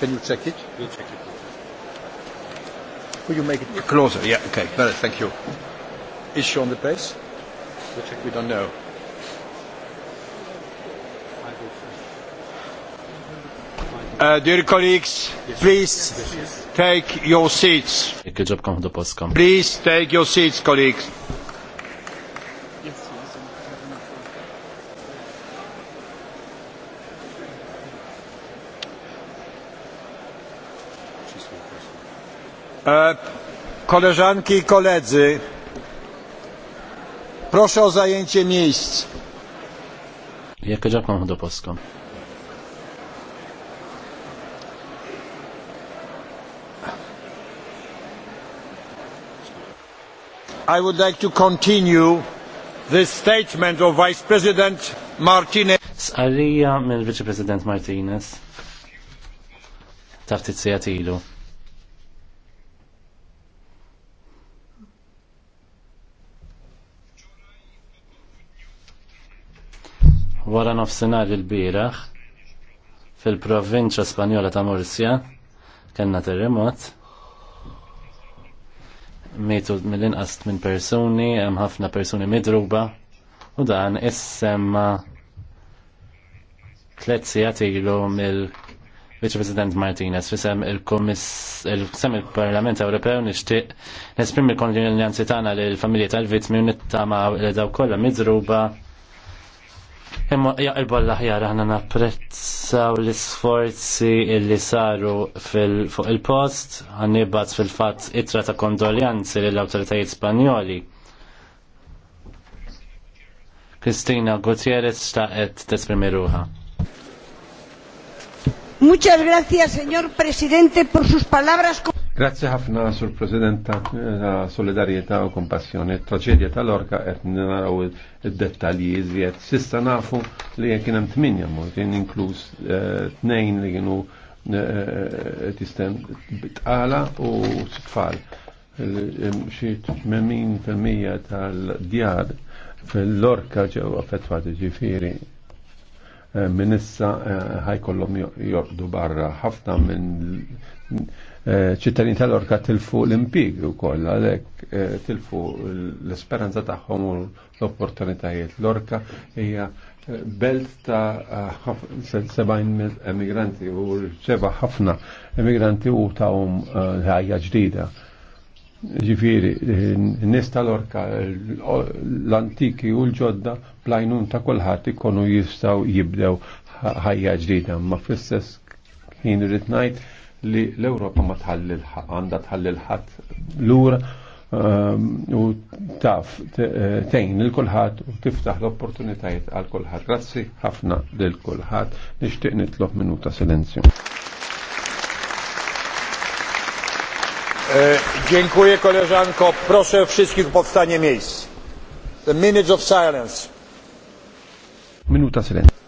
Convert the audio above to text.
Can you check it? We'll check it. Will you make it closer? Yeah, okay. Better, thank you. Is she on the place? We'll check. We don't know. Uh, dear colleagues, yes. please yes, take your seats. Good job, come come. the post, Please take your seats, colleagues. E, koleżanki i koledzy, proszę o zajęcie miejsc. Jak ġabkom do Polską? I would like to continue the statement of Vice President Martinez. Sqarrija mill-Vice President Martinez. Taftit sejat ilu. wara nofsinhar il-bieraħ fil-provinċja Spanjola ta' Mursja kellna terremot mitu mill-inqas minn persuni, hemm ħafna persuni midruba u dan issemma tliet sigħat ilu mill Vice President Martinez fisem il-Parlament il, il, parlament Ewropew nixtieq nesprim il-konġenjanzi tagħna lill familji tal-vittmi u nittama li kollha midruba Imma jaqilba l ħjar ħana napprezzaw l sforzi illi saru fuq il-post, għannibbat fil-fat itra ta' kondoljanzi l-autoritajiet spanjoli. Kristina Gutierrez xtaqet tesprimi ruħa. Muchas gracias, señor presidente, por sus palabras. Con... Grazzi ħafna sur President ta' solidarieta u kompassjoni. Traġedja tal-orka qed naraw id-dettalji iżjed. Sissa nafu li kien hemm tminja kien inkluż eh, tnejn li kienu tistem eh, tqala u tfal. Eh, xi mija tal-djar fil-orka ġew affettwati ġifieri Eh, minissa eh, ħajkollhom jordu barra ħafna minn eh, ċittadin tal-orka tilfu l-impig u koll, għalek tilfu l esperanza tagħhom u l-opportunitajiet. L-orka hija belt ta' 70 emigranti u rċeva ħafna emigranti u ta' um, ħajja ġdida Ġifiri, n-nis tal-orka, l-antiki u l-ġodda plajnun ta' kolħat ikonu jistaw jibdew ħajja ġdida, ma fissess kien rritnajt li l-Europa ma tħallil għanda tħallil ħadd lura ehm, u taf tejn il kulħadd u tiftaħ l-opportunitajiet għal kulħadd. Grazzi ħafna lil kulħadd nixtieq nitlob minuta silenzju. E, dziękuję koleżanko. Proszę wszystkich o powstanie miejsc. The minutes of silence. Minuta silencji.